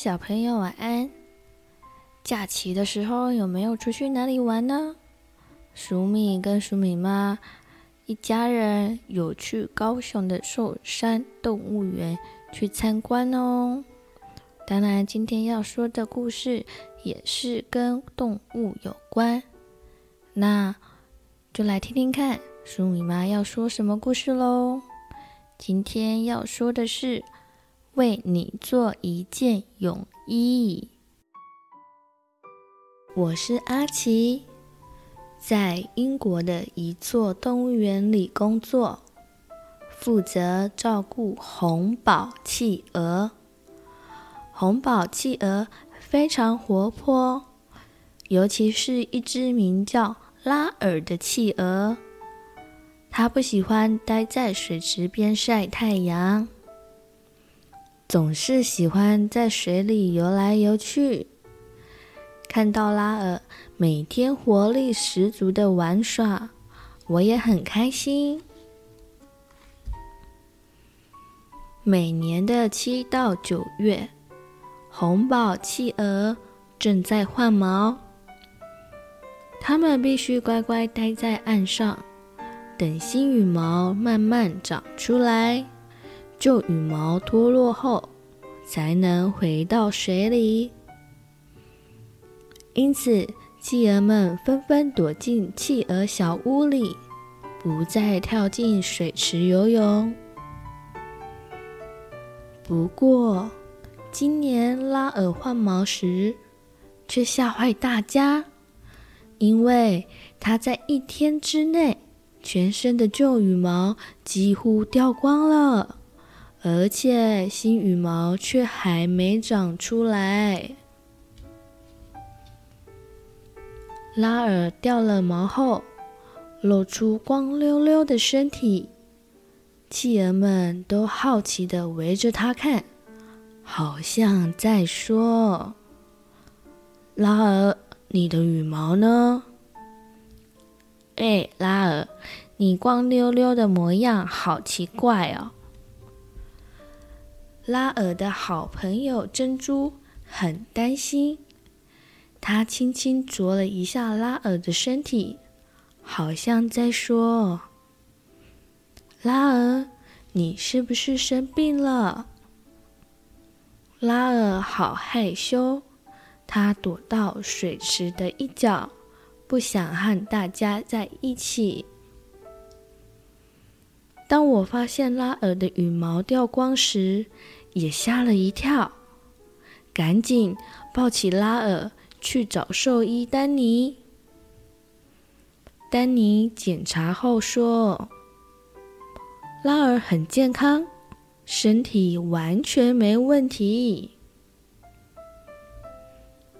小朋友晚安。假期的時候有沒有出去哪裡玩呢？黍米跟黍米媽一家人，有去高雄的壽山動物園去參觀哦。當然，今天要說的故事也是跟動物有關，那就來聽聽看黍米媽要說什麼故事嘍。今天要說的是。為你做一件泳衣。我是阿奇，在英國的一座動物園裡工作，負責照顧紅寶企鵝。紅寶企鵝非常活潑，尤其是一隻名叫拉爾的企鵝。它不喜歡待在水池邊曬太陽。總是喜歡在水裡游來游去，看到拉爾每天活力十足的玩耍，我也很開心。每年的七到九月，紅寶企鵝正在換毛，它們必須乖乖待在岸上，等新羽毛慢慢長出來。舊羽毛脫落後，才能回到水裡。因此，企鵝們紛紛躲進企鵝小屋裡，不再跳進水池游泳。不過，今年拉爾換毛時卻嚇壞大家，因為它在一天之內，全身的舊羽毛幾乎掉光了。而且新羽毛卻還沒長出來。拉爾掉了毛後，露出光溜溜的身體，企鵝們都好奇地圍着他看，好像在說：“拉爾，你的羽毛呢？”哎、欸，拉爾，你光溜溜的模樣好奇怪哦！拉爾的好朋友珍珠很擔心，他輕輕啄了一下拉爾的身體，好像在說：“拉爾，你是不是生病了？”拉爾好害羞，他躲到水池的一角，不想和大家在一起。當我發現拉爾的羽毛掉光時，也嚇了一跳，趕緊抱起拉爾去找獸醫丹尼。丹尼檢查後說：“拉爾很健康，身體完全沒問題。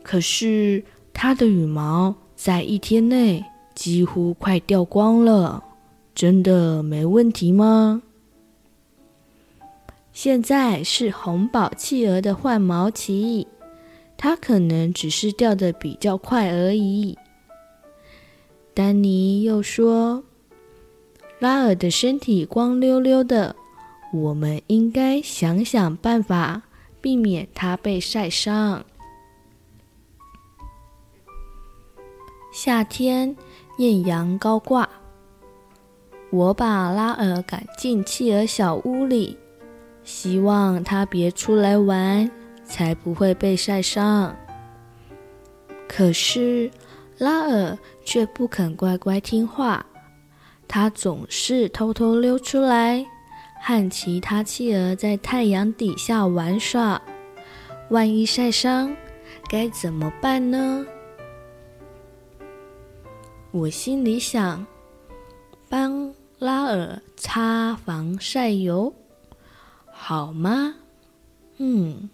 可是他的羽毛在一天內幾乎快掉光了，真的沒問題嗎？”現在是紅寶企鵝的換毛期，它可能只是掉的比較快而已。丹尼又說：“拉爾的身體光溜溜的，我們應該想想辦法，避免它被曬傷。”夏天豔陽高掛，我把拉爾趕進企鵝小屋裡。希望他別出來玩，才不會被曬傷。可是拉爾卻不肯乖乖聽話，他總是偷偷溜出來，和其他企鵝在太陽底下玩耍。萬一曬傷，該怎麼辦呢？我心裡想，幫拉爾擦防曬油。好嗎？嗯，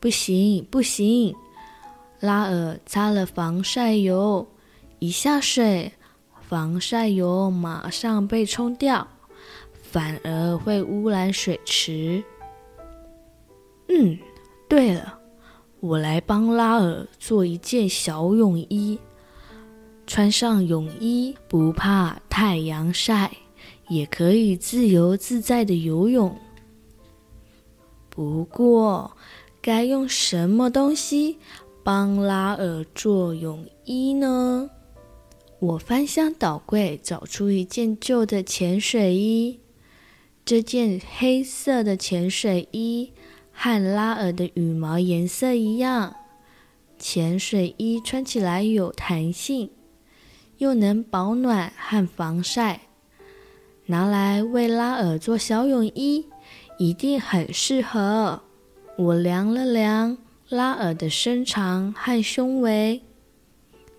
不行，不行！拉爾擦了防曬油，一下水，防曬油馬上被沖掉，反而會污染水池。嗯，對了，我來幫拉爾做一件小泳衣。穿上泳衣，不怕太陽曬，也可以自由自在的游泳。不過，該用什麼東西幫拉爾做泳衣呢？我翻箱倒櫃，找出一件舊的潛水衣。這件黑色的潛水衣和拉爾的羽毛顏色一樣。潛水衣穿起來有彈性，又能保暖和防曬，拿來為拉爾做小泳衣。一定很適合。我量了量拉爾的身長和胸圍，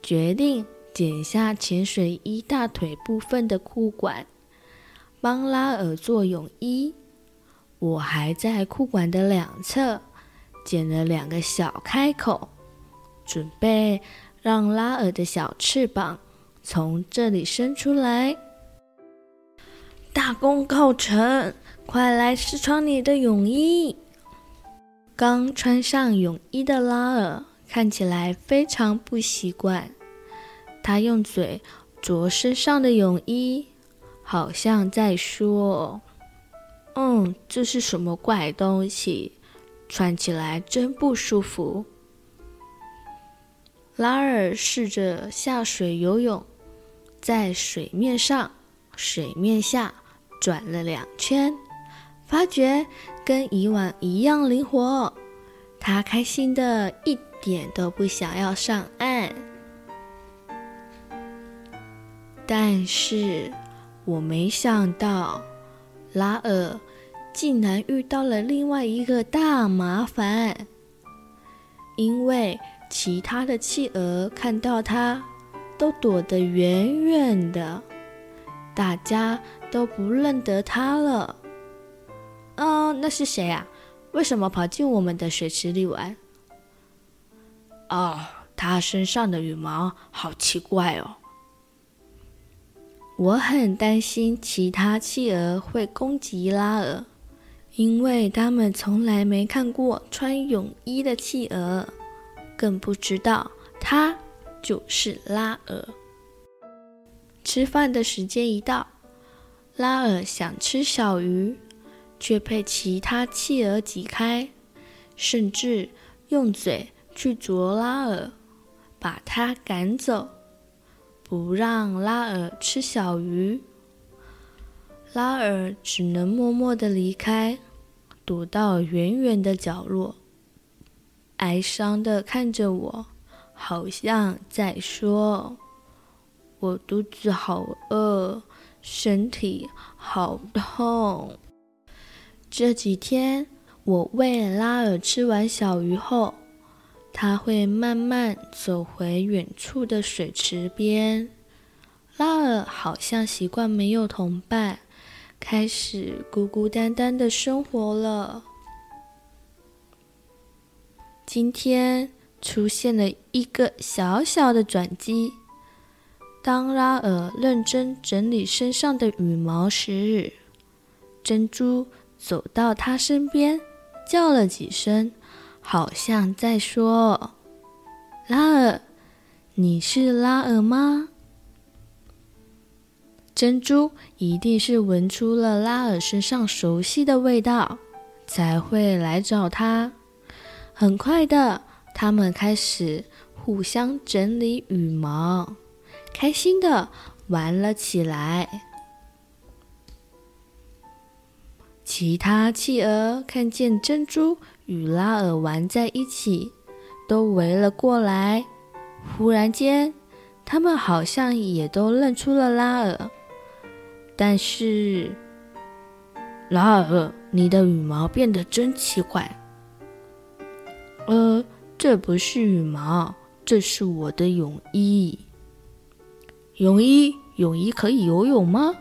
決定剪下潛水衣大腿部分的褲管，幫拉爾做泳衣。我還在褲管的兩側剪了兩個小開口，準備讓拉爾的小翅膀從這裡伸出來。大功告成！快來試穿你的泳衣。剛穿上泳衣的拉爾看起來非常不習慣，他用嘴啄身上的泳衣，好像在說：“嗯，這是什麼怪東西？穿起來真不舒服。”拉爾試着下水游泳，在水面上、水面下轉了兩圈。發覺跟以往一樣靈活，他開心的一點都不想要上岸。但是我沒想到，拉爾竟然遇到了另外一個大麻煩，因為其他的企鵝看到他都躲得遠遠的，大家都不認得他了。嗯、哦，那是誰啊？為什麼跑進我們的水池裡玩？哦，他身上的羽毛好奇怪哦！我很擔心其他企鵝會攻擊拉爾，因為他們從來沒看過穿泳衣的企鵝，更不知道他就是拉爾。吃飯的時間一到，拉爾想吃小魚。卻被其他企鵝擠開，甚至用嘴去啄拉爾，把他趕走，不讓拉爾吃小魚。拉爾只能默默的離開，躲到遠遠的角落，哀傷的看着我，好像在說：“我肚子好餓，身體好痛。”這幾天，我餵拉爾吃完小魚後，他會慢慢走回遠處的水池邊。拉爾好像習慣沒有同伴，開始孤孤單單的生活了。今天出現了一個小小的轉機。當拉爾認真整理身上的羽毛時，珍珠走到他身邊，叫了幾聲，好像在說：“拉爾，你是拉爾嗎？”珍珠一定是聞出了拉爾身上熟悉的味道，才會來找他。很快的，他們開始互相整理羽毛，開心的玩了起來。其他企鵝看見珍珠與拉爾玩在一起，都圍了過來。忽然間，他們好像也都認出了拉爾。但是，拉爾，你的羽毛變得真奇怪。呃，這不是羽毛，這是我的泳衣。泳衣，泳衣可以游泳嗎？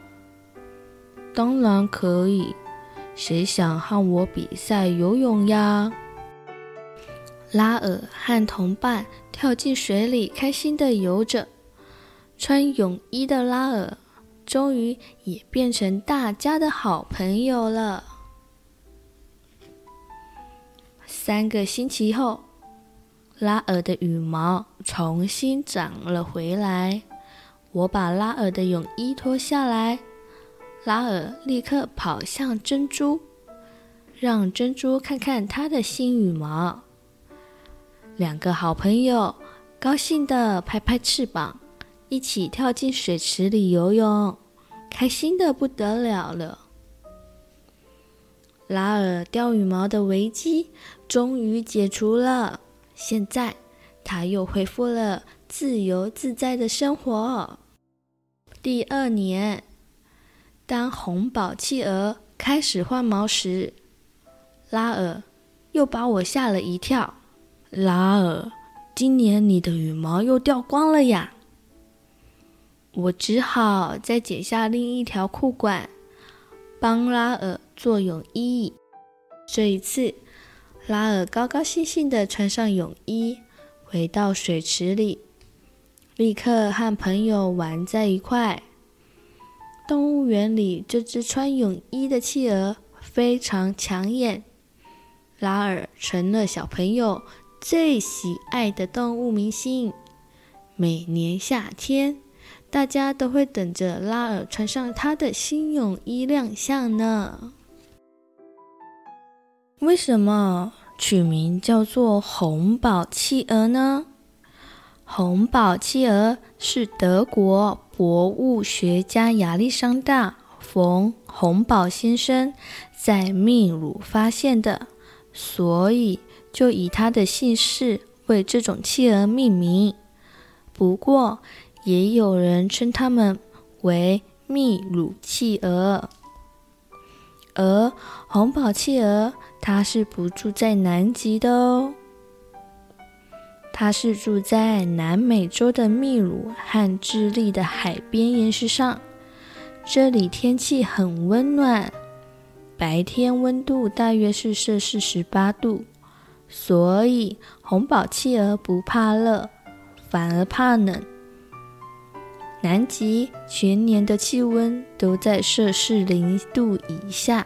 當然可以。誰想和我比賽游泳呀？拉爾和同伴跳進水裡，開心地游着。穿泳衣的拉爾終於也變成大家的好朋友了。三個星期後，拉爾的羽毛重新長了回來。我把拉爾的泳衣脫下來。拉爾立刻跑向珍珠，讓珍珠看看他的新羽毛。兩個好朋友高興地拍拍翅膀，一起跳進水池裡游泳，開心得不得了了。拉爾掉羽毛的危機終於解除了，現在他又恢復了自由自在的生活。第二年。當紅寶企鵝開始換毛時，拉爾又把我嚇了一跳。拉爾，今年你的羽毛又掉光了呀！我只好再剪下另一條褲管，幫拉爾做泳衣。這一次，拉爾高高興興地穿上泳衣，回到水池裡，立刻和朋友玩在一塊。動物園裡這隻穿泳衣的企鵝非常搶眼，拉爾成了小朋友最喜愛的動物明星。每年夏天，大家都會等着拉爾穿上他的新泳衣亮相呢。為什麼取名叫做“紅寶企鵝”呢？紅寶企鵝是德國。博物學家亞歷山大·馮·洪堡先生在秘魯發現的，所以就以他的姓氏為這種企鵝命名。不過，也有人稱他們為秘魯企鵝。而洪堡企鵝，它是不住在南極的哦。它是住在南美洲的秘魯和智利的海邊岩石上，這裡天氣很溫暖，白天溫度大約是攝氏十八度，所以洪堡企鵝不怕熱，反而怕冷。南極全年的氣溫都在攝氏零度以下，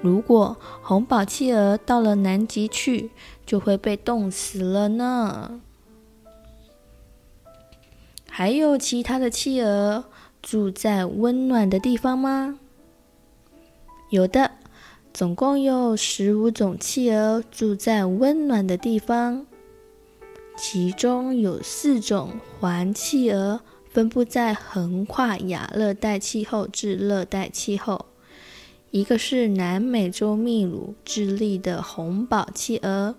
如果洪堡企鵝到了南極去，就會被凍死了呢。還有其他的企鵝住在溫暖的地方嗎？有的，總共有十五種企鵝住在溫暖的地方，其中有四種環企鵝分布在橫跨亞熱帶氣候至熱帶氣候。一個是南美洲秘魯、智利的洪堡企鵝。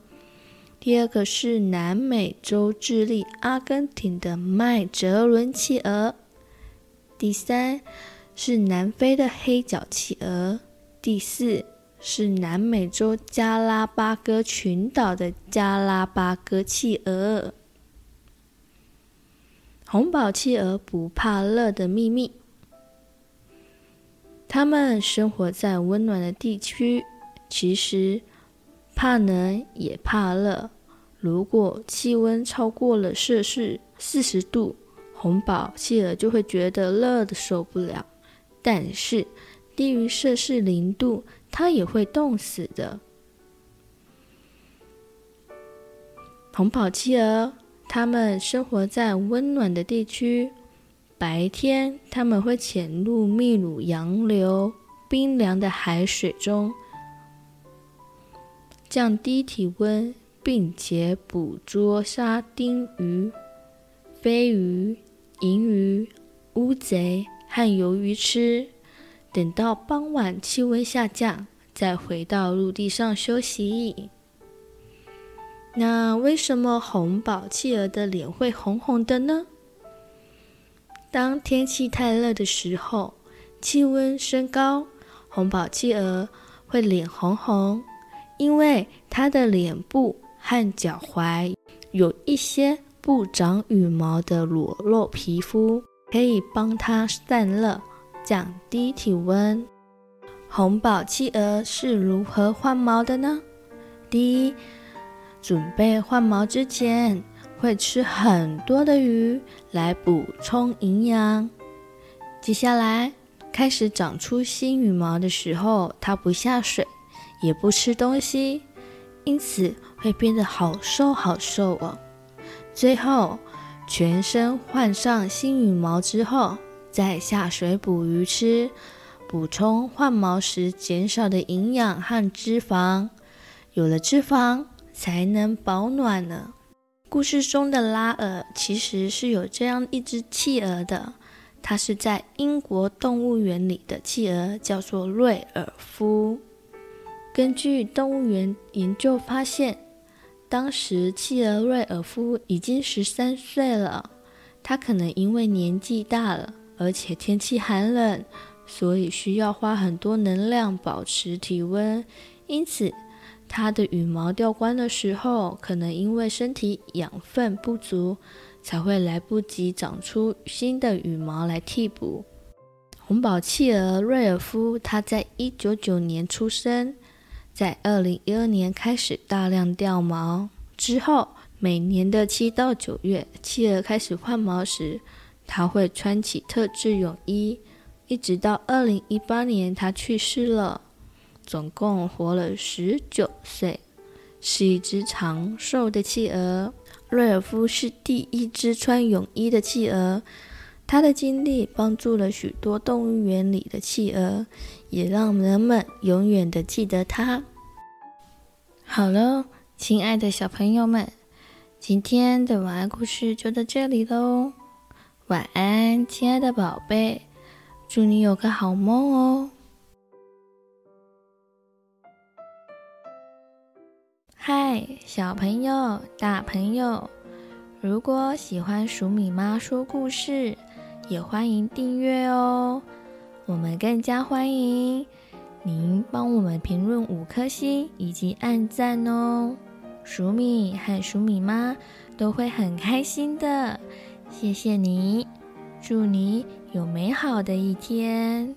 第二個是南美洲智利、阿根廷的麥哲倫，倫企鵝，第三是南非的黑腳企鵝，第四是南美洲加拉巴哥群島的加拉巴哥企鵝。洪堡企鵝不怕熱的秘密，它們生活在溫暖的地區，其實。怕冷也怕熱，如果氣溫超過了攝氏四十度，洪堡企鵝就會覺得熱得受不了。但是，低於攝氏零度，它也會凍死的。洪堡企鵝，它們生活在溫暖的地區，白天它們會潛入秘魯洋流冰涼的海水中。降低體溫，並且捕捉沙丁魚、飛魚、銀魚、烏賊和魷魚吃。等到傍晚氣溫下降，再回到陸地上休息。那為什麼紅寶企鵝的臉會紅紅的呢？當天氣太熱的時候，氣溫升高，紅寶企鵝會臉紅紅。因為它的臉部和腳踝有一些不長羽毛的裸露皮膚，可以幫它散熱、降低體溫。紅寶企鵝是如何換毛的呢？第一，準備換毛之前會吃很多的魚來補充營養。接下來開始長出新羽毛的時候，它不下水。也不吃東西，因此會變得好瘦好瘦哦。最後，全身換上新羽毛之後，再下水捕魚吃，補充換毛時減少的營養和脂肪。有了脂肪才能保暖呢。故事中的拉爾其實是有這樣一只企鵝的，它是在英國動物園裡的企鵝，叫做瑞爾夫。根據動物園研究發現，當時企鵝瑞爾夫已經十三歲了。他可能因為年紀大了，而且天氣寒冷，所以需要花很多能量保持體溫。因此，他的羽毛掉光的時候，可能因為身體養分不足，才會來不及長出新的羽毛來替補。紅寶企鵝瑞爾夫，他在1999年出生。在二零一二年開始大量掉毛之後，每年的七到九月，企鵝開始換毛時，他會穿起特制泳衣，一直到二零一八年他去世了，總共活了十九歲，是一隻長壽的企鵝。瑞爾夫是第一隻穿泳衣的企鵝。他的經歷幫助了許多動物園裡的企鵝，也讓人們永遠地記得他。好了，親愛的小朋友們，今天的晚安故事就到這裡嘍。晚安，親愛的寶貝，祝你有個好夢哦。嗨，小朋友，大朋友，如果喜歡黍米媽說故事，也歡迎訂閱哦，我們更加歡迎您幫我們評論五顆星以及按讚哦，黍米和黍米媽都會很開心的，謝謝你，祝你有美好的一天。